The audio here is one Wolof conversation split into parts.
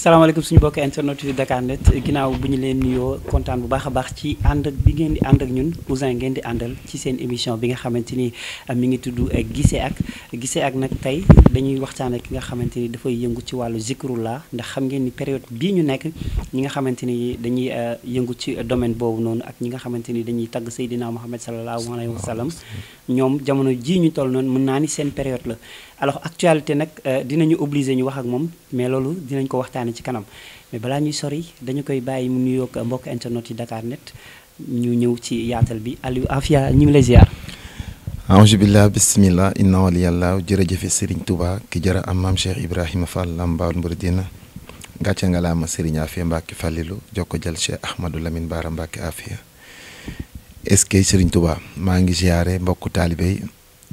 salaamaaleykum suñu bokk internet yu Dakar Net ginnaaw bu ñu leen nuyoo kontaan bu baax a baax ci ànd ak bi ngeen di ànd ak ñun Ousin ngeen di àndal ci seen émission bi nga xamante ni euh, mi ngi tudd euh, Guissé ak Guissé ak nag tey dañuy waxtaan ki nga xamante ni dafay yëngu ci wàllu zikrullah ndax xam ngeen ni période bii ñu nekk ñi nga xamante ni dañuy euh, yëngu ci domaine boobu noonu ak ñi nga xamante ni dañuy tagg Seydina Muhammad sallallahu alayhi wa sallam ñoom jamono jii ñu toll noonu mën naa ni seen période la alors actualité nag euh, dinañu obligé ñu wax ak moom mais loolu dinañ ko waxtaanee ci kanam mais balaa ñuy sori dañu koy bàyyi mu nuyoog mbokk internet yi Dakar net ñu ñëw ci yaatal bi Aliou Afia ñu ngi lay ziar. aoujubillah bismillah inna waliyallah jërëjëfe Serigne Touba ki jëra am maam Cheikh Ibrahima Fall Lambaal Mouridina gàcce nga laa ma Serigne Afia Mbacke Fallilu jokko jël Cheikh Ahmadou Lamine Baara Mbacke Afia est-ce que Serigne Touba maa ngi ziare mbokku taalibe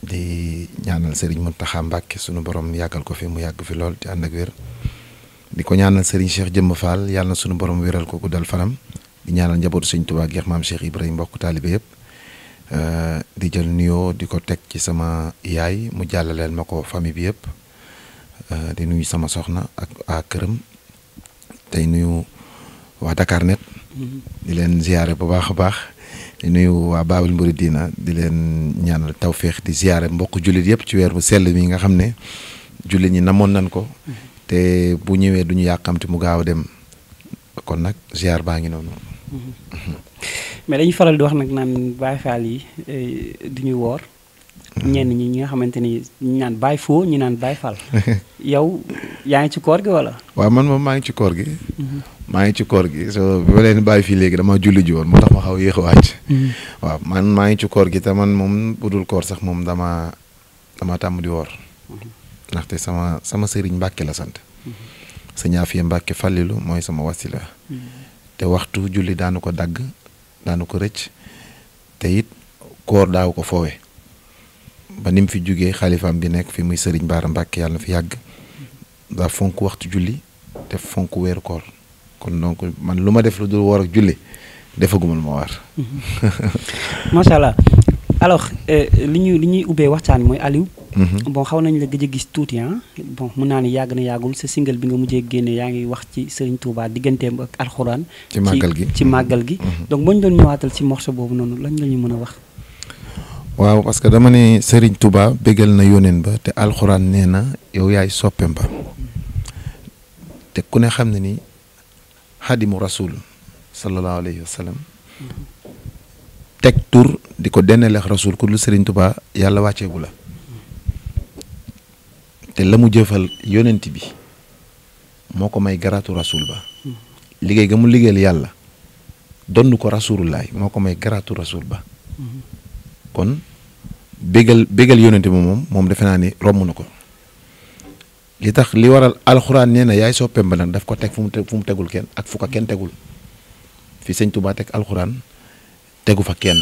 di ñaanal Serigne Mountakha Mbacké sunu borom yàggal ko fi mu yàgg fi lool te ànd ak wér di ko ñaanal Serigne Cheikh Jëmm Fall yàlla na sunu borom wéral ko guddal fanam di ñaanal njabootu Serigne Touba geex maam Cheikh Ibrahima mbokk taalibe yëpp euh, di jël nuyoo di ko teg ci sama yaay mu jàllaleel ma ko famille bi yëpp euh, di nuyu sama soxna ak waa këram tey nuyu waa Dakar net mm-hmm. di leen ziyaare bu baax a baax. di nuyu waa Baabul Muridina di leen ñaanal tawféex di ziyaare mbokk jullit yëpp ci weer bu sell mi nga xam ne jullit ñi namoon nañ ko mm-hmm. te bu ñëwee duñu yàqamti mu gaaw a dem kon nag ziar baa ngi noonu. Mm-hmm. mais dañu faral di wax nag naan Baay Faal yi eh, du woor. Mm-hmm. ñenn ñi ñi nga xamante ni ñu naan Baay Foo ñu naan Baay Faal yow yaa ngi ci koor gi walla. waa man moom maa ngi ci koor gi. maa ngi ci koor gi so bi ma leen bàyyi fii léegi dama julli ji woon moo tax ma xaw yéex a wàcc mm-hmm. waaw man maa ngi ci koor gi te man moom budul koor sax moom dama dama tàmm di woor mm-hmm. ndaxte sama sama sëriñ Mbàkke la sant mm-hmm. sëñ Afiya Mbàkke Fàllilu mooy sama wasila te waxtu julli daanu ko dagg daanu ko rëcc te it koor daaw ko foowe ba ni mu fi jógee xalifaam bi nekk fi muy sëriñ Baara Mbàkke yàlla na fi yàgg daa fonk waxtu julli te fonk weeru koor kon donc man lu ma def lu dul woor ak julli defaguma lu ma war. macha allah alors euh, li ñuy li ñuy ubbee waxtaan mooy Aliou. Mhm. bon xaw nañ la gëj a gis tuuti ah. bon mun naa ne yàgg na yàggul sa single bi nga mujjee génne yaa ngi wax ci Serigne Touba digganteem ak alxuraan. ci màggal gi ci màggal gi. Mhm. donc boo ñu doon ñëwaatal ci morceau boobu noonu lañ la ñu mën a wax. waaw parce que dama ne Serigne Touba bégal na yóneen ba te alxuraan nee na yow yaay soppeem ba te ku ne xam ne nii xadimu rasul sallallahu alayhi wa teg tur di ko denneleex rasul ku dul Serigne Touba yàlla wàcceegu la te la mu jëfal yonent bi moo ko may garaatu rasul ba liggéey ga mu liggéeyal yàlla donn ko rasulullaay moo ko may garaatu rasul ba kon bégal bégal yonent bi moom moom defe naa ne romb na ko li tax li waral alxuraan nee na yaay soppeem ba nag daf ko teg fu mu fu mu tegul kenn ak fu ko kenn tegul fi sëñ Touba teg alxuraan tegu fa kenn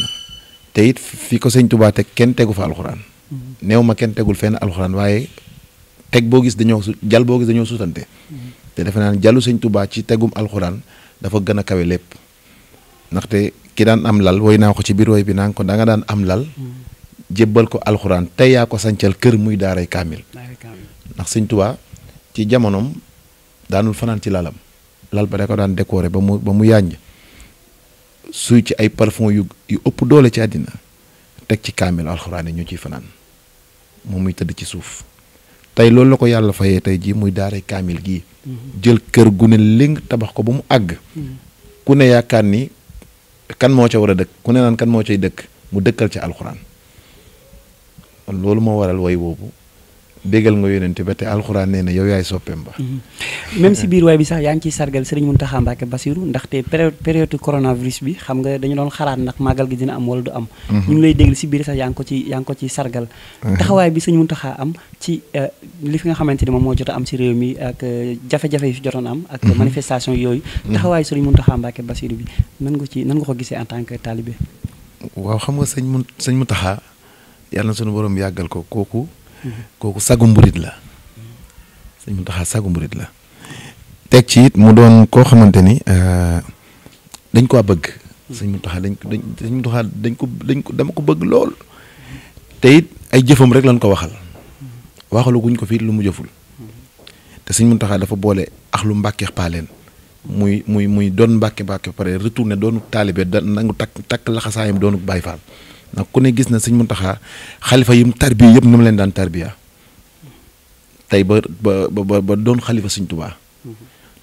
te it fi ko sëñ Touba teg kenn tegu fa alxuraan mm-hmm. néew ma kenn tegul fenn alxuraan waaye teg boo gis dañoo su jal boo gis dañoo sutante mm-hmm. te defe naa ne jalu sëñ Touba ci tegum alxuraan dafa gën a kawe lépp ndaxte ki daan am lal woy naa ko ci biir woy bi naa ko danga nga daan am lal mm-hmm. jébbal ko alxuraan tey yaa ko sancal kër muy daaray kaamil ndax sëñ Tuubaa ci jamonoom daanul fanaan ci lalam lal ba da ko daan décorer ba mu ba mu yànj suy ci ay parfum yu yu ëpp doole ci àddina teg ci kaamil alxuraan yi ñu ciy fanaan moom muy tëdd ci suuf tey loolu la ko yàlla fayee tey jii muy daaree kaamil gi mm-hmm. jël kër gu ne léng tabax ko ba mu àgg mm-hmm. ku ne yaakaar ni kan moo ca war a dëkk ku ne naan kan moo cay dëkk mu dëkkal ci alxuraan loolu moo waral woy woobu béggal nga yonent ba te alxuraan nee na yow yaay soppeem ba. Mhm. même si biir waay bi sax yaa ngi ciy sargal Serigne Mountakha Mbacké Bassirou ndaxte période période coronavirus bi xam nga dañu doon xalaat nag màggal gi dina am wala du mhm. ñu lay déglu si biir sax ko ci yaa ko ci sargal. Mhm. taxawaay bi Serigne Mountakha am ci eh, li fi nga xamante ni moom moo jot am si réew mi ak eh, fi jotoon am. ak manifestation yooyu. taxawaay Serigne Mountakha Mbacké Bassirou bi nan nga ci nan nga ko gisee en tant que talibé. waaw xam nga sëñ Mountakha yàlla na sunu borom yàggal ko kooku kooku sagu mburit la sëñ Muntaxa sagu mburit la teg ci it mu doon koo xamante ni euh, dañ ko bëgg sëñ Muntaxa dañ ko dañ sëñ dañ ko dañ ko dama ko bëgg lool te it ay jëfam rek lañ ko waxal waxalu guñ ko fii lu mu jëful te sëñ taxaa dafa boole ak lu mbàkkeex paaleen muy muy muy doon mbàkke mbàkke pare ne doonu taalibe da nangu takk takk laxasaayam doonu Baay Faal ndax ku ne gis na sëñ Muntaxa xalifa yi yim tarbiya yëpp ni mu leen daan tarbiya tey ba ba ba ba doon xalifa sëñ Tuubaa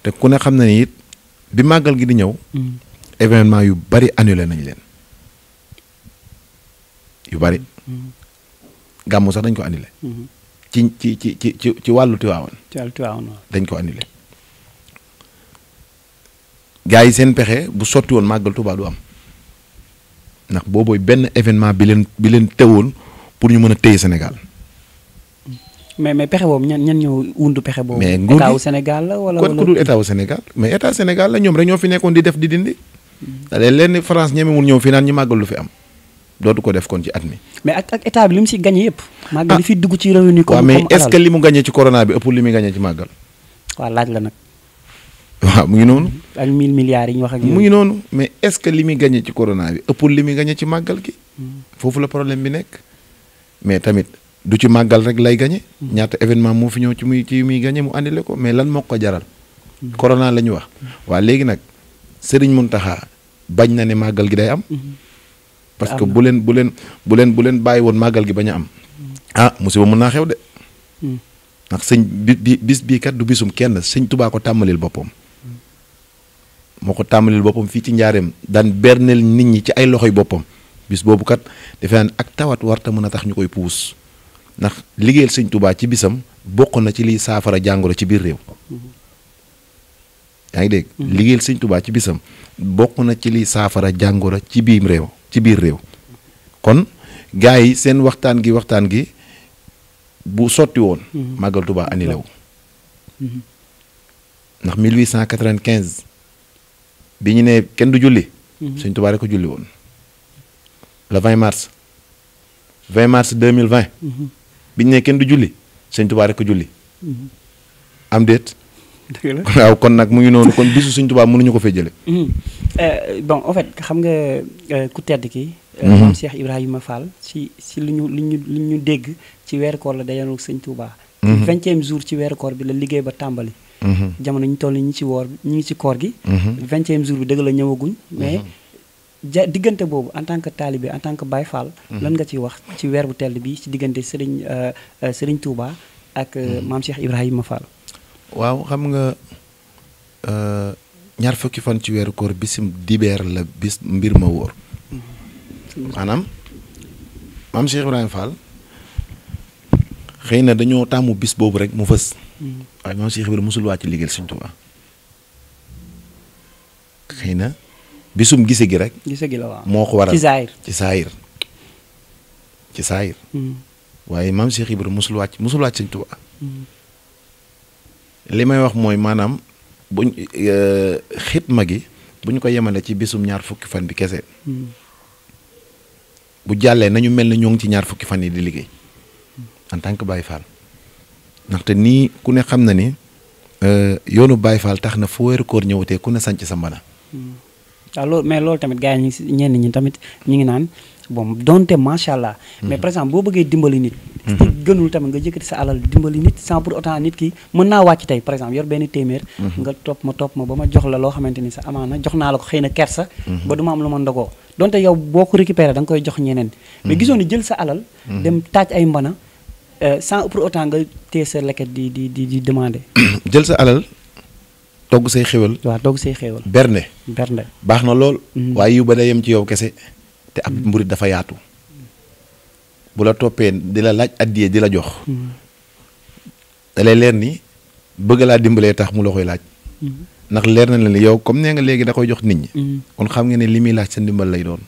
te ku ne xam na ni it bi màggal gi di ñëw événement yu bari annulé nañ leen yu bari gàmmu sax dañ ko annulé ci ci ci ci ci ci wàllu dañ ko annulé gaa yi seen pexe bu sotti woon màggal Tuubaa du am ndax boobooy benn événement bi leen bi leen teewoon pour ñu mën a téye Sénégal. mais mais pexe boobu ñan ñan ñoo wundu pexe boobu. mais nguur état wu Sénégal la wala kon ku dul mais état Sénégal la ñoom rek ñoo fi nekkoon di def di dindi. da mm-hmm. leen lenn France ñemewul ñëw fi naan ñu màggal lu fi am. dootu ko def kon ci at mi. mais ak ak état bi li mu si gagné yëpp. màggal ah. li fi dugg ci revenu. comme comme mais est-ce li mu gagné ci corona bi ëpp li laaj la nag. waaw mu ngi noonu. ak 1000 milliards yi ñu wax ak mu ngi noonu mais est-ce que li muy gagné ci corona bi ëppul li muy gagné ci màggal gi. Hmm. foofu la problème bi nekk. mais tamit du ci màggal rek lay gagné. Hmm. ñaata événement moo fi ñëw ci muy ci muy gagné mu andile ko mais lan moo ko jaral. Hmm. corona la ñu wax. waa léegi nag mun Mountakha bañ na ne màggal gi day am. parce que bu leen bu leen bu leen bu leen bàyyi woon màggal gi bañ a am. ah musiba mën naa xew de. ndax sëñ bi bis bii kat du bisum kenn sëñ tubaa ko tàmmalil boppam. moo ko tàmbalil boppam fii ci njaareem daan berneel nit ñi ci ay loxoy boppam bis boobu kat defe naa ak tawat warta mën a tax ñu koy puus ndax liggéeyal sëñ tubaa ci bisam bokk na ci liy saafara jàngoro ci biir réew yaa ngi dégg mm-hmm. liggéeyal sëñ Tuubaa ci bisam bokk na ci liy saafara jàngoro ci biim réew ci biir réew kon gars yi seen waxtaan gi waxtaan gi bu sotti woon màggal mm-hmm. Tuubaa annulé wu mm-hmm. ndax 1895 bi ñu ne kenn du julli. Mhm. Sëñ Tuubaa rek ko julli woon. le 20 mars. 20 mars 2020. Mhm. bi ñu ne kenn du julli Sëñ Tuubaa rek ko julli. Mhm. am déet. waaw kon nag mu ngi noonu kon bisu Sëñ Tuubaa mënuñu ko fee jële euh, bon en xam nga euh, ku tedd ki euh, moom Cheikh Ibrahima Fall ci ci lu ñu lu ñu lu ñu dégg ci weeru koor la dayanoog Sëñ Tuubaa. vingtième jour ci weeru bi la liggéey ba tàmbali. Mm-hmm. jamono ñu toll ñu ci woor ñu ngi ci koor gi. Mm-hmm. vingtième jour bi dëgg la ñëwaguñ. Mm-hmm. mais ja diggante boobu en tant que taalibe en tant que baay Fall. lan nga ciy wax ci weer bu tell bi ci diggante Serigne euh, euh, Serigne Touba ak euh, maam Cheikh Ibrahima Fall. waaw xam nga ñaar fukki fan ci weeru koor bisim dibeer la bis mbir ma wóor. maanaam maam Cheikh Ibrahima Fall. xëy na dañoo tàmm bis boobu rek mu fës. Hmm. waaye maam Cheikh Ibrahima mosul wàcc liggéeyal Sëñ Tuubaa xëy na bisum gise gi rek. gise gi la moo ko waral ci saayir ci saayir ci saayir. Hmm. waaye maam Cheikh Ibrahima mosul wàcc mosul wàcc Sëñ hmm. li may wax mooy maanaam buñ euh, xitma gi bu ñu ko yemale ci bisum ñaar fukki fan bi kese. bu jàllee nañu mel ne ñoo ngi ci ñaar fukki fan yi di liggéey. en tant que Baye Fall ndaxte nii ku ne xam na ni euh, yoonu Baye Fall tax na fu weeru koor ñëwatee ku ne sanc sa mbana. waaw hmm. ah, loolu mais loolu tamit gars yi ñu ngi si ñenn ñi tamit ñu ngi naan bon donte macha allah. Hmm. mais par exemple boo bëggee dimbali nit. Hmm. gënul tamit nga jëkkati sa alal dimbali nit sans pour autant nit ki mën naa wàcc tey par exemple yor benn téeméer. nga topp ma topp ma ba ma jox la loo xamante ni sa amaana jox naa la ko xëy na kersa. ba du ma am lu ma ndogoo donte yow boo ko récupéré da koy jox Euh, sans pour autant nga téye sa leket di di di di jël sa alal togg say xéwal. waaw togg say xéwal. berne. berne baax na lool. Mhm. waaye yu ba day yem ci yow kese. te ab mburit mhm. dafa yaatu. bu la toppee di la laaj addiyee di la jox. Mhm. da lay leer ni bëgg laa dimbalee tax mu la koy laaj. ndax leer na la ni yow comme nee nga léegi da koy jox nit ñi. kon xam nga ne li muy laaj sa ndimbal lay doon.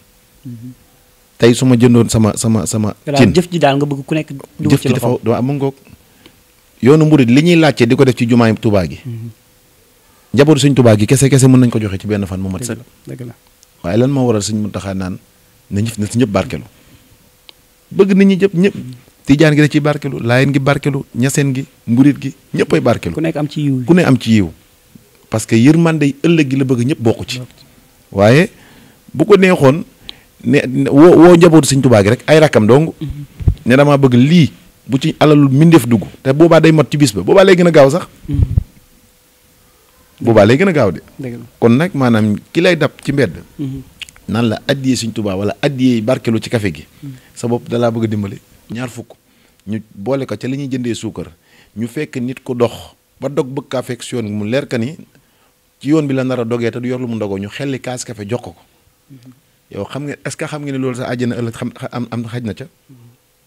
tey su ma jëndoon sama sama sama. cin jëf ji daal nga bëgg ku nekk. jëf ji dafa dafa am ngoog yoonu murid li ñuy laajte di ko def ci jumaay tubaa gi. Mhm. njabootu sëñ Tuubaa gi kese kese mën nañ ko joxe ci benn fan mu mat sëkk. dëgg la waaye lan moo waral mun Muntaxa naan na ñëf na si ñëpp barkelu. bëgg nit ñi ñëpp ñëpp. Mhm. tijaan gi da ciy barkelu laayeen gi barkelu ñaseen gi mburit gi ñëppay barkelu. ku nekk am ci yiw ku ne am ci yiw. parce que yërmande ëllëg gi la bëgg ñëpp bokku ci. waaye bu ne woo woo njabootu sëñ Tuubaa gi rek ay rakkam dong mhm. ne damaa bëgg lii bu ci alalul mbindeef dugg te boobaa day mot ci bis ba boobaa lay gën a gaaw sax mhm. boobaa lay gën a gaaw de kon nag maanaam ki lay dab ci mbedd mhm. nan la addiyee sëñ Tuubaa wala addiyee barkelu ci kafe gi sa bopp dalaa bëgg a dimbali ñaar fukk ñu boole ko ca li ñuy jëndee suukar ñu fekk nit ku dox ba dog bëgg kaa fekk si yoon mu leer ka ni ci yoon bi la nar dogee te du yor lu mu ndogoo ñu xelli kaas café jox ko ko yow xam nga est-ce que xam nga ëllëg xam xaj na ca.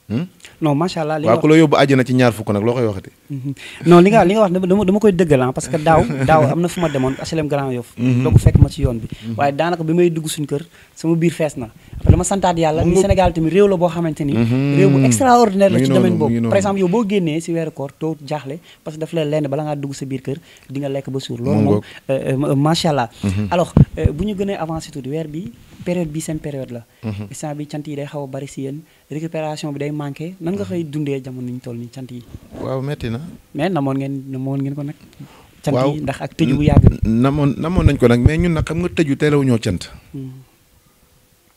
Hmm? non macha allah li nga wax ku la yóbbu àjjana ci ñaar fukk nag loo koy waxati. Mhm. non li nga li nga wax dama dama koy dëggal ah, parce que daaw daaw am na fu ma demoon HLM Grand Yoff. Mhm. doog fekk ma ci yoon bi. Mhm. waaye daanaka bi may dugg suñu kër sama biir fees na. après dama santaat yàlla ni Sénégal tamit réew la boo xamante ni. réew bu extraordinaire la ci domaine boobu par exemple yow boo génnee si weeru koor too jaaxle parce que daf euh, euh, euh, weer bi période bi seen période la. Mhm. instant bi cant yi day xaw a bari si yéen récupération bi day manqué nan nga xëy dundee jamono ñu toll nii cant yi. waaw metti na. mais namoon ngeen namoon ngeen ko nag. cant yi ndax ak tëju bu yàgg. namoon namoon nañ ko nag mais ñun nag xam nga tëju terew ñoo cant. Mhm.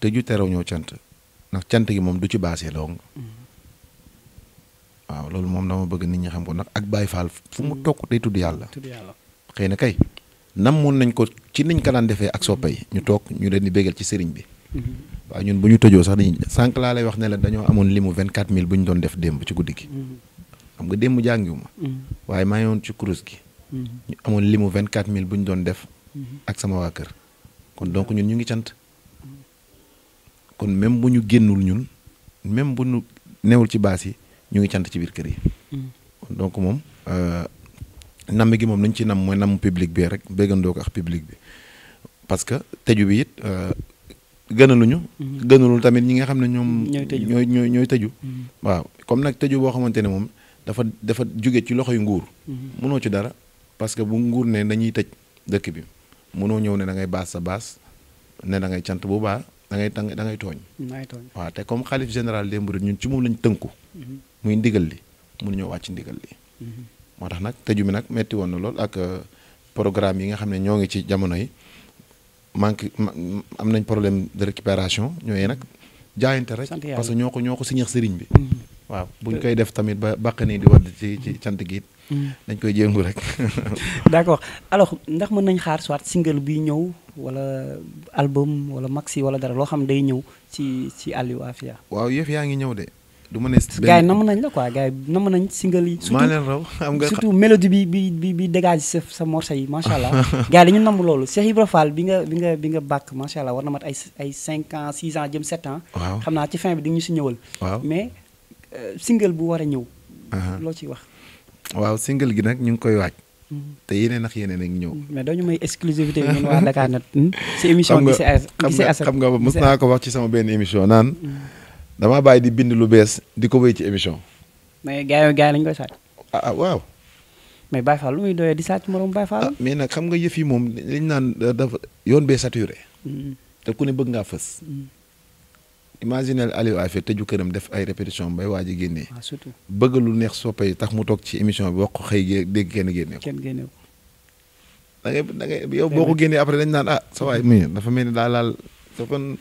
tëju terew ñoo cant ndax cant gi moom du ci baasee dong. Mhm. waaw loolu moom dama bëgg nit ñi xam ko nag ak baay Fall fu mu tokk day tudd yàlla. tudd yàlla xëy na kay. nam namoon nañ ko ci niñ ko daan defee ak soppe yi ñu toog ñu leen di bégal ci sëriñ bi. Mhm. waaw ñun bu ñu tojoo sax dañuy sànq laa lay wax ne la dañoo amoon limu 24000 bu ñu doon def démb ci guddi gi. Mhm. xam nga démb jàngiwuma. Mhm. waaye maa ngi woon ci kurus gi. ñu amoon limu 24000 bu ñu doon def. ak sama waa kër. kon donc ñun ñu ngi cant. kon même bu ñu génnul ñun même bu ñu newul ci baas yi ñu ngi cant ci biir kër yi. donc moom. Euh, namm gi moom li ñu ci nam mooy namm public bi rek béggandoo ko ak public bi parce que tëju bi it euh, gënaluñu. Mm-hmm. gënalul tamit ñi nga xam ne ñoom. ñooy tëju ñooy ñooy ñooy tëju. Mm-hmm. waaw comme nag tëju boo xamante ne moom dafa dafa jóge ci loxoy nguur. mënoo mm-hmm. ci dara parce que bu nguur ne dañuy tëj dëkk bi mënoo ñëw ne da ngay baas sa baas ne da ngay cant bu baax da ngay tàng da ngay tooñ. waaw te comme xalif général des mourides ñun ci moom lañ tënku. muy ndigal li mënuñoo wàcc ndigal li. moo tax nag tëju mi nag metti woon na lool ak euh, programme yi nga xam ne ñoo ngi ci jamono yi manque am nañ problème de récupération ñooyee nag jaayante rek parce que ñoo ko ñoo ko siñeex sëriñ bi mm-hmm. waaw buñ euh, koy def tamit ba bàq nii di wadd di ci cant gi mm-hmm. dañ koy jéngu rek d'accord alors ndax mën nañ xaar soit single bi ñëw wala album wala maxi wala dara loo xam day ñëw ci ci Aliou Afia waaw yëf yaa ngi ñëw de du ma ne. gars yi namm nañ la quoi gars yi namm nañ single yi. maa leen raw xam nga surtout mélodie bi bi bi bi dégage sa sa morceau yi macha allah. gars yi dañu namm loolu Cheikh Ibra Fall bi nga bi nga bi nga bàkk macha allah war na mat ay ay 5 ans 6 ans jëm 7 waaw xam naa ci fin bi di ñu si ñëwal. waaw mais euh, single bu war a ñëw. loo ciy wax. waaw single gi nag ñu ngi koy waaj. Mhm. te yeneen ak yeneen ak ñëw. mais doo ñu may exclusivité bi ñun waa Dakar nag. Hmm? si émission gi si xam nga xam nga mos naa ko wax ci sama damaa bàyyi di bind lu bees di ko wéy ci émission. mais gars yi gars yi lañ koy sàcc. Ah, ah waaw. mais Baye Fall lu muy doyee di sàcc ah, mais nag xam nga yëf moom liñ naan dafa yoon bee saturé. Mm-hmm. te ku ne bëgg ngaa fës. Mm-hmm. imaginel Aliou Afia tëju këram def ay répétition bay waa ji génnee. Ah, surtout bëgg lu neex soppe yi tax mu toog ci émission bi wax ko xëy dégg kenn génne ko. kenn yow boo ko génnee après dañ naan ah sa waay mm-hmm. dafa mel ni daa laal. te kon.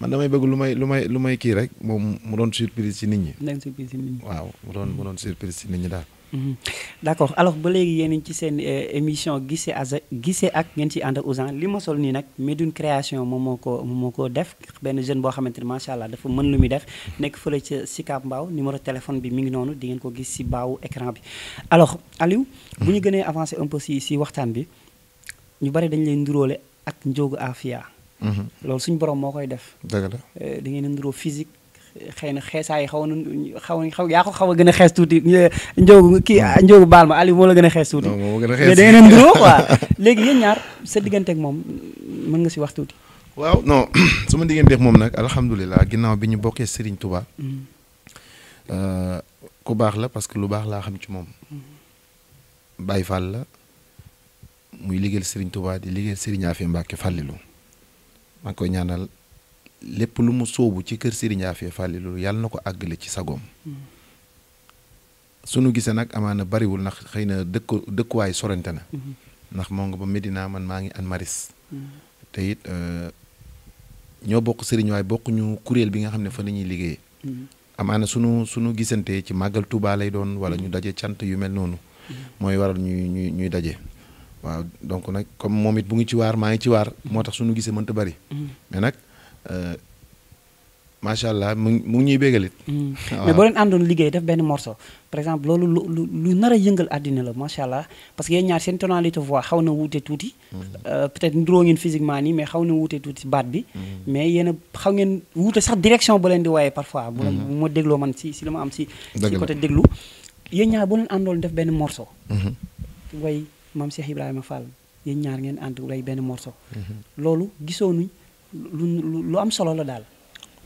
man damay bëgg lu may lu may lu may kii rek moom mu doon surprise ci nit ñi. surprise ci waaw mu doon mu doon surprise ci nit ñi daal. Mhm. d' accord alors ba léegi yéen ci seen eh, émission gisee as gisee ak ngeen ci ànd ak Ouzin li ma sol nii nag Médoune création moom moo ko moom moo ko def benn jeune boo xamante ne macha allah dafa mën lu muy def nekk fële ca Sicap Mbao numéro téléphone bi mi ngi noonu di ngeen ko gis si baawu écran bi. alors Aliou. bu ñu mhm. gënee avancer un peu si waxtaan bi ñu bari dañ leen nduróole ak Ndiogou Afia. Mm-hmm. loolu suñu borom moo koy def. dëgg la eh, da ngeen niroo physique xëy na xeesaay xaw na xaw xaw yaa ko xaw a gën a xees tuuti eh, Ndiogou kii mm-hmm. Ndiogou baal ma Aliou moo la gën a xees tuuti. non moo gën a léegi yéen ñaar sa moom mën nga si wax tuuti. waaw non su ma digganteeg moom nag alhamdulilah ginnaaw bi ñu bokkee Serigne Touba. Mm-hmm. Euh, ku baax la parce que lu baax laa xam ci moom. Baye Fall la muy liggéeyal Serigne Touba di liggéeyal Serigne Afia Mbacke Fallilou. maa ngi koy ñaanal lépp lu mu sóobu ci kër Serigne Afia Fallilou yàlla na ko àggale ci sagoom mm-hmm. sunu gisee nag amaana bariwul ndax xëy na dëkk dëkkuwaay sorante na mm-hmm. ndax moo nga ba Medina man maa ngi an maris mm-hmm. te it euh, ñoo bokk sëriñ waaye bokk kuréel bi nga xam ne fa la ñuy liggéeyee amaana sunu sunu gisante ci màggal Touba lay doon wala ñu daje cant yu mel noonu mooy waral ñuy daje waaw donc nag comme moom it bu ngi ci waar maa ngi ci waar moo tax suñu gisee mënta bari mm-hmm. mais nag euh, macha allah mu ngi mu ñuy bégalit mm-hmm. mais boo leen àndoon liggéey def benn morso par exemple loolu lu lu nar a yëngal àddina la macha allah parce que yéen ñaar seen tonalité voix xaw na wuute tuuti. Mm-hmm. Euh, peut-être nduróo ngeen physiquement nii mais xaw na wuute tuuti baat mais yéen a xaw wuute sax direction ba leen di waaye parfois. bu ma dégloo man si si li am si. si côté déglu yéen ñaar boo leen àndoon def benn morceau. maam Cheikh Ibrahima Fall yéen ñaar ngeen ànd way benn morso mhm. loolu gisoo nuñ lu lu am solo la daal.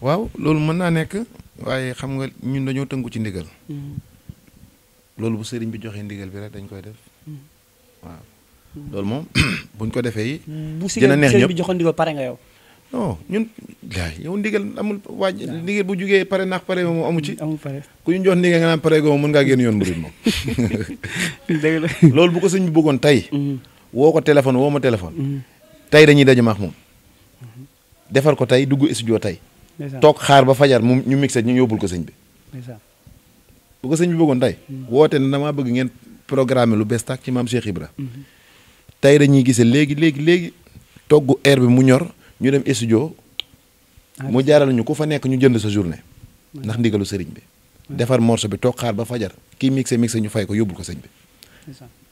waaw loolu mën naa nekk waaye xam nga ñun dañoo tëngu ci ndigal. Mhm. loolu bu sëriñ bi joxee ndigal bi rek dañ koy def. Mhm. waaw loolu moom buñ ko defee. bu sëriñ bi joxoon ndigal pare nga yow. non ñun yaay yow ndigal amul waaj ndigal bu jugee pare naax pare moom amu ci. amul pare ku ñu jox ndigal nga naan pare googu mën ngaa génn yoon murid moom. dëgg la loolu bu ko sëñ bi bëggoon tey. Mhm. woo ko téléphone woo ma téléphone. Mhm. tey dañuy daje maax moom. Mhm. defar ko tey dugg studio tey. toog xaar ba fajar mu ñu mixé ñu yóbbul ko sëñ bi. bu ko sëñ bi bëggoon tey. woote na damaa bëgg ngeen programme lu bees tàkk ci maam Cheikh Ibra. tey dañuy gisee léegi léegi léegi togg air bi mu ñor. ñu dem studio ah, mu jaaral ñu ko fa nekk ñu jënd sa journée ndax ndigalu sëriñ bi defar morceau bi toog xaar ba fajar kii mixé mixé ñu fay ko yóbbul ko sëñ bi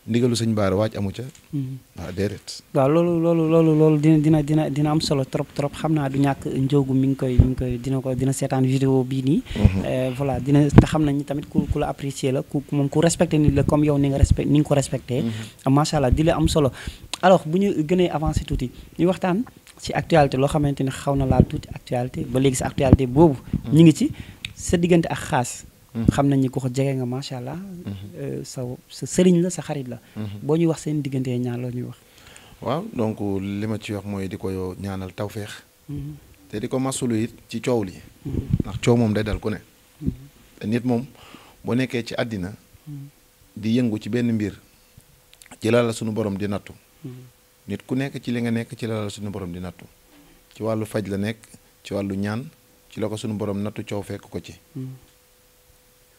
ndigalu sëñ baara waaj amu ca mm-hmm. waaw déedéet waaw loolu loolu loolu loolu dina dina dina dina am solo trop trop xam naa du ñàkk njoogu mi ngi koy mu ngi koy dina ko dina seetaan vidéo bii nii mm-hmm. euh, voilà dina te xam nañ tamit ku ku la apprécier la ku moom ku respecté nit la comme yow ni nga respect ni nga ko respecté mm-hmm. macha allah di la am solo alors bu ñu gënee avancé tuuti ñu waxtaan ci actualité loo xamante ne xaw na laa tuuti actualité ba léegi sa actualité boobu. ñu ngi ci sa diggante ak xaas. Mm-hmm. xam nañ ni ko jege nga macha allah. Mm-hmm. Euh, sa sa sëriñ la sa xarit la. Mm-hmm. boo ñuy wax seen diggante ñaan loo ñuy wax. waaw donc li ma ci wax mooy di ko ñaanal tawféex. te di ko masulu it ci coow li. ndax coow moom day dal ku ne. te nit moom boo nekkee ci àddina. di yëngu ci benn mbir. ci la la sunu borom di nattu. nit ku nekk ci li nga nekk ci la suñu borom di nattu ci wàllu faj la nekk ci wàllu ñaan ci la ko suñu borom nattu coow fekk ko ci. Hmm.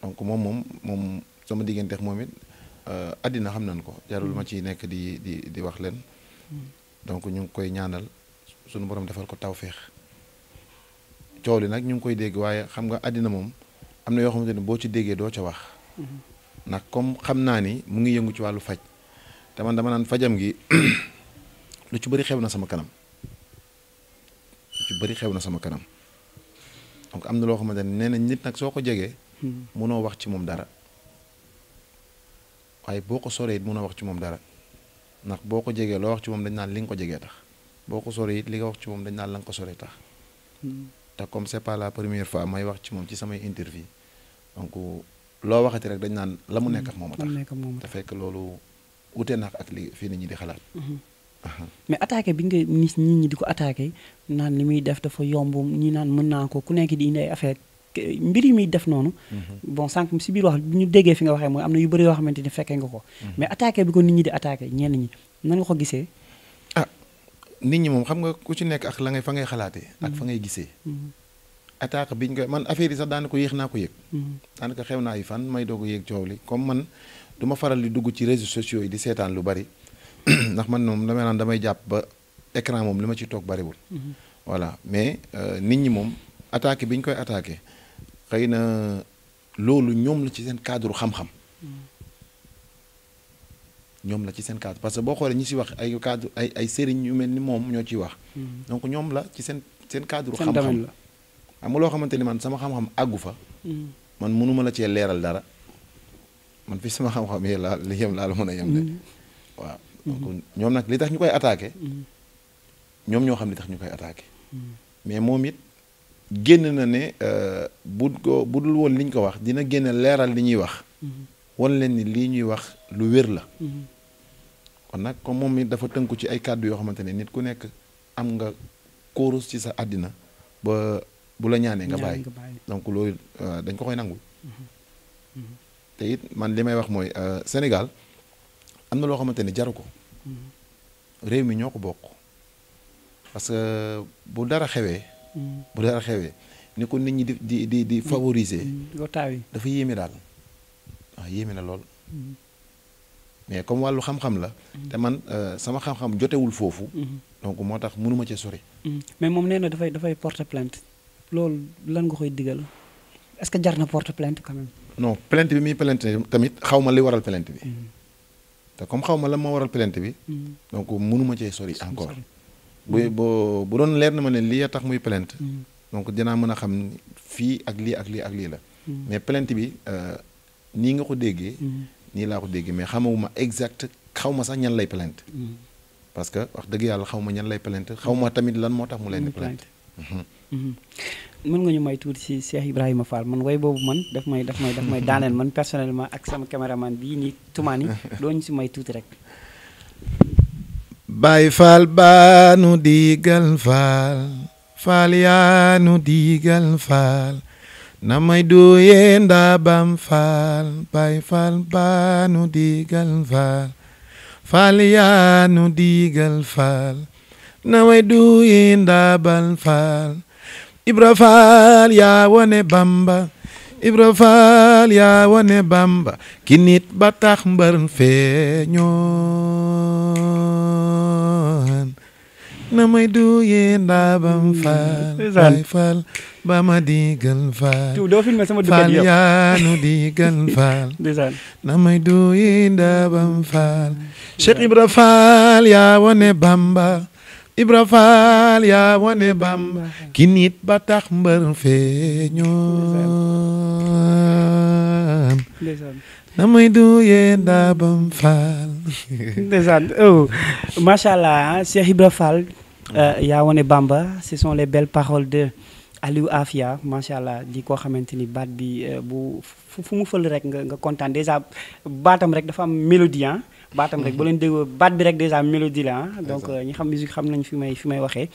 donc moom moom moom sama digganteex moom it euh, àddina xam nañ ko jarul ma hmm. ci nekk di di di wax leen. Hmm. donc ñu ngi koy ñaanal suñu borom defal ko tawféex coow li nag ñu ngi koy dégg waaye xam nga àddina moom am na yoo xamante ne boo ci déggee doo ca wax. ndax comme xam naa ni mu ngi yëngu ci wàllu faj te man dama naan fajam gi. lu ci bëri xew na sama kanam lu ci bëri xew na sama kanam donc am na loo xamante ne nee na nit nag soo ko jegee mënoo hmm. wax ci moom dara waaye boo ko soree it mënoo wax ci moom dara ndax boo ko jegee loo wax ci moom dañ naan li nga ko jegee tax boo ko soree li nga wax ci moom dañ naan la nga ko soree tax hmm. te comme c'est pas la première fois may wax ci moom ci samay interview donc loo waxati rek dañ naan la mu nekk am moom a tax te fekk loolu wute na ak li fii ñi di xalaat hmm. mais attaqué bi nga nit ñi di ko attaqué naan li muy def dafa yomb ñi naan mën naa ko ku nekk di indi ay affaire mbir yi muy def noonu mm-hmm. bon sànq si biir wax bi ñu déggee fi nga waxee mooy am na yu bëri yoo xamante ni fekkee nga ko mm-hmm. mais attaqué bi ko nit ñi di attaqué ko gisee ah nit ñi moom xam nga ku ci nekk ak la ngay fa ngay xalaatee ak fa mm-hmm. ngay gisee attaque biñ ko man affaire yi sax daanaka ko yéex naa ko yëg daanaka xew naa yi fan may doog a yëg coow li comme man du ma faral di dugg ci réseaux sociaux yi di seetaan lu bari ndax man moom damay jàpp ba écran moom li ma ciy toog bariwul. Mhm. voilà mais euh, nit ñi moom attaque bi ñu koy attaque xëy na loolu ñoom la ci seen cadre xam mhm. ñoom la ci seen cadre parce que boo xoolee ñi si wax ay cadre ay ay sëriñ yu mel ni moom ñoo ciy wax. Mhm. donc ñoom la ci seen seen cadre. xam-xam la am nga loo xamante ni man sama xam-xam àggu fa. man mënuma la cee leeral dara man fi sama xam-xam yi laa li yem laa la mën a yem de waaw. donc ñoom nag li tax ñu koy attaqué ñoom ñoo xam li tax ñu koy attaqué mais moom it génn na ne euh, bu ko bu dul woon liñ ko wax dina génn leeral li ñuy wax wan leen ni lii ñuy wax lu wér la kon nag comme moom it dafa tënku ci ay kàddu yoo xamante ne nit ku nekk am nga kóorus ci sa àddina ba bu la ñaanee nga bàyyi donc looy euh, dañ ko koy nangul mhm. Mhm. te it man li may wax mooy euh, Sénégal am na loo xamante ne jaru ko réew mi ñoo ko bokk parce que bu dara xewee. bu dara xewee ni ko nit ñi di di di di favoriser. Mm-hmm. dafa yéeme daal waaw ah, yéeme na lool. Mm-hmm. mais comme wàllu xam-xam la. Mm-hmm. te man euh, sama xam-xam jotewul foofu. donc moo tax mënuma ci sori. mais moom nee na dafay dafay porte plainte loolu lan nga koy digal est-ce que jar na porte plainte quand même. non plainte bi muy plainte tamit xaw ma li waral plainte bi. te comme xaw ma la moo waral plainte bi. Mm. donc mënuma cee sori encore. bu mm. boo bu doon leer na ma leen lii a tax muy plainte. Mm. donc dinaa mën a xam ni fii ak lii ak lii ak lii la. mais plainte bi euh, nii nga ko déggee. nii laa ko déggee mais xamawuma exact xaw ma sax ñan lay plainte. parce que wax dëgg yàlla xaw ma ñan lay plainte xaw ma tamit lan moo tax mu leen di plainte. Mhm. Mhm. mën nga ñu may tuuti si Cheikh Ibrahima Fall man way boobu man daf may daf may daf may daaneel man personnellement ak sama caméraman bii nii tumaani doo ñu si may tuuti rek. Baay Fall baanu digal Fall Fall yaanu digal Fall namay dooyee ndaabam Fall ndaabal Fall. Ibra Faal yaa wane Bamba Ibra Faal yaa wone Bamba ki nit ba tax mbër feeñoon na may duye ndaabam faal ay faal ba ma digal faal faal yaa nu digal faal na may duye ndaabam faal Cheikh Ibra Faal yaa wone Bamba Ibra Faal yaa wane Bamba ki nit ba tax mbër feeñoon damay duyee oh, allah ah, Cheikh Ibra Faal euh, yaa wane Bamba ce sont les belles paroles de Aliou Afia macha allah di koo xamante ni baat bi euh, bu fu mu fël rek nga nga kontaan dèjà baatam rek dafa am mélodie ah. baatam rek ba leen déggoo baat bi rek déjà mélodie la ah donc euh, ñi xam musique xam nañ fi may fi may waxee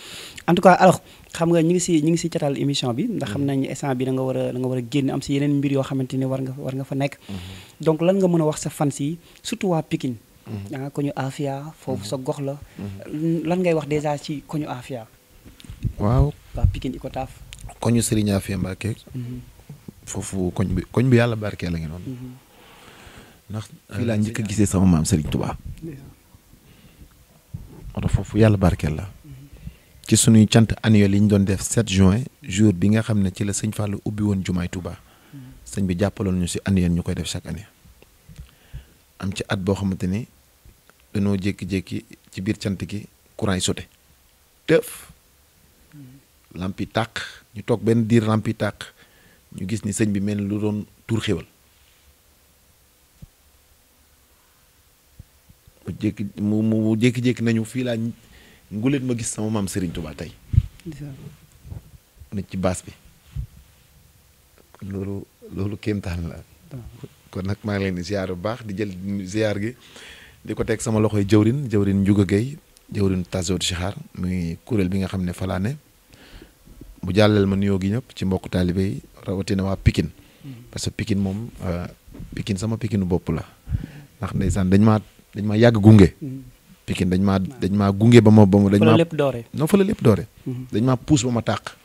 en tout cas alors xam nga ñi ngi si ñi ngi si catal émission bi ndax xam mm-hmm. nañ instant bi da war a da nga a génn am si yeneen mbir yoo xamante ni war nga war nga fa nekk mm-hmm. donc lan nga mën a wax sa fan si surtout waa Pikine mm-hmm. ah koñu Afia foofu sa gox la lan ngay wax déjà ci koñu Afia waaw waa Pikine Icotaf koñu Serigne Afia Mbacke foofu koñ bi koñ bi yàlla barkee la ngi ndax euh, fii laa njëkk a gisee sama maam Serigne Touba. moo foofu yàlla barkeel la. Mm-hmm. ci suñuy cant annuel yi ñu doon def 7 juin jour bi nga xam ne ci la sëñ fàll ubbi woon jumaay Touba. Mm-hmm. sëñ bi jàppaloon ñu si annuel ñu koy def chaque année. am ci at boo xamante ni dañoo jékki-jékki ci biir cant gi courant yi sote tëf. Mm-hmm. lampi tàq ñu toog benn diir lampi tàq ñu gis ni sëñ bi mel lu doon tuur xéwal mu jékki mu mu jékki nañu fii laa nguléet ma gis sama maam Serigne Touba tey. nit ci baas bi. loolu loolu kéemtaan la. kon nag maa ngi leen di bu baax di jël ziar gi di ko teg sama loxoy jëwrin jëwrin Ndiouga Guèye jëwrin Tasso Chixaar muy kuréel bi nga xam ne falaa ne bu jàlleel ma nuyoo gi ñëpp ci mbokk taalibe yi rawatina waa Pikine mm-hmm. parce que Pikine moom euh, Pikine sama Pikinu bopp la ndax ndeysaan dañ maa dañ ma yàgg gunge. Mm-hmm. Pikine dañ ma dañ maa gunge ba ma ba ma. dañ maa lépp doore non fa la mm-hmm. dañ ma puus ba ma tàq.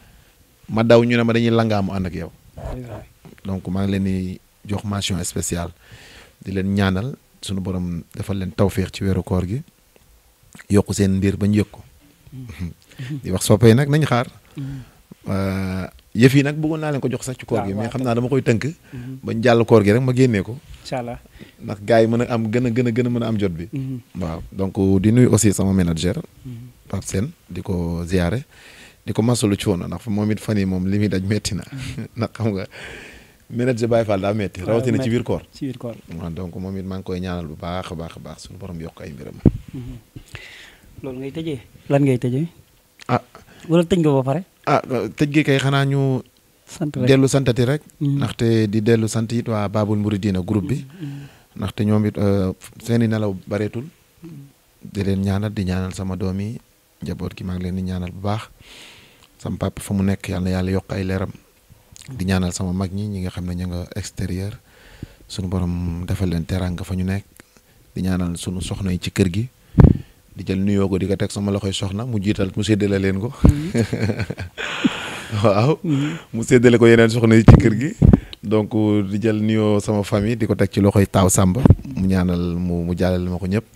ma daw ñu ne ma dañuy langaamu ànd ak yow. donc maa ngi leen di jox mention spéciale. di leen ñaanal sunu borom defal leen tawféex ci weeru koor gi. yokk seen mbir ba ñu yëg ko. Mm-hmm. di wax soppee nag nañ xaar. Euh, yëf yi nag bëggoon naa leen ko jox sax ci koor gi mais xam naa dama koy tënk. bañ jàll koor gi rek ma génnee ko. incha allah ndax gars yi mën a am gën a gën gën a mën am jot bi. Mhm. waaw donc di nuyu aussi sama manager. Mhm. Pape di ko ziare. di ko masalu coono ndax moom it fan yi moom li muy daj metti na. Mhm. ndax xam nga manager Baye Fall daa metti rawatina ci biir koor. ci biir koor waaw moom it maa ngi koy ñaanal bu baax baax baax suñu borom yokk ay mbiram. loolu ngay tëjee. lan ngay tëjee. ah wala tëj nga ba pare. ah tëj gi kay xanaa ñu. dellu santati rek mm. ndaxte di dellu sant it waa baabul Babul Mouridina groupe bi mm. Mm. ndaxte ñoom it euh, seen i nelaw bareetul di leen ñaanal di ñaanal sama doom yi njaboot gi maa ngi leen di ñaanal bu baax sama papa fa mu nekk yàlla na yàlla yokk ay leeram di ñaanal sama mag ñi ñi nga xam ne ñu nga extérieur sunu borom defal leen teraanga fa ñu nekk di ñaanal sunu soxna yi ci kër gi di jël nuyoo ko di ko teg sama loxoy soxna mu jiital mu séddale leen ko waaw mu séddale ko yeneen soxna yi ci kër gi donc di jël nuyoo sama famille di ko teg ci loxoy taaw Samba mu ñaanal mu mu jàllale ma ko ñëpp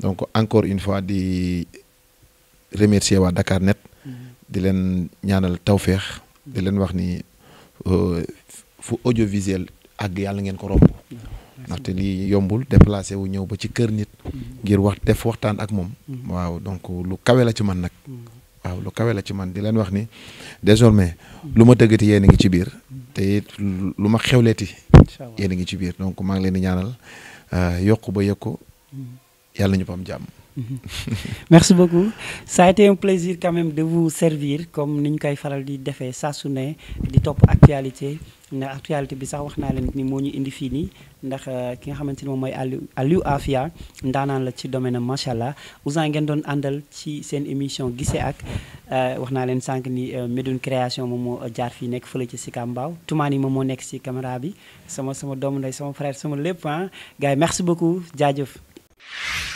donc encore une fois di remercier waa Dakar Net di leen ñaanal tawféex di leen wax ni euh, fu audiovisuel àgg yàlla ngeen ko romb ndaxte lii yombul déplacé wu ñëw ba ci kër nit ngir wax def waxtaan ak moom mm. waaw donc lu kawe la ci man nag mm. waaw lu kawee la ci man di leen wax ni désormais lu ma ti yéen a ngi ci biir te it lu ma xewleeti yéen a ngi ci biir donc maa ngi leen di ñaanal euh, yokk ba yëg ko mm. yàlla ñu fa am jàmm merci beaucoup ça a été un plaisir quand même de vous servir comme ni ñu koy faral di defee saa su ne di topp actualité na actualité bi sax wax naa leen ni moo ñu indi fii nii ndax euh, ki nga xamante ni moom mooy Aliou Aliou Afia ndaanaan la ci domaine am macha allah Ouzin ngeen doon àndal ci seen émission gisee ak euh, wax naa leen sànq ni euh, Médoune création moom moo jaar fii nekk fële ci Sicap Mbao Toumani moom moo nekk si caméra bi sama sama doomu ndey sama frère sama lépp ah gars merci beaucoup jaajëf.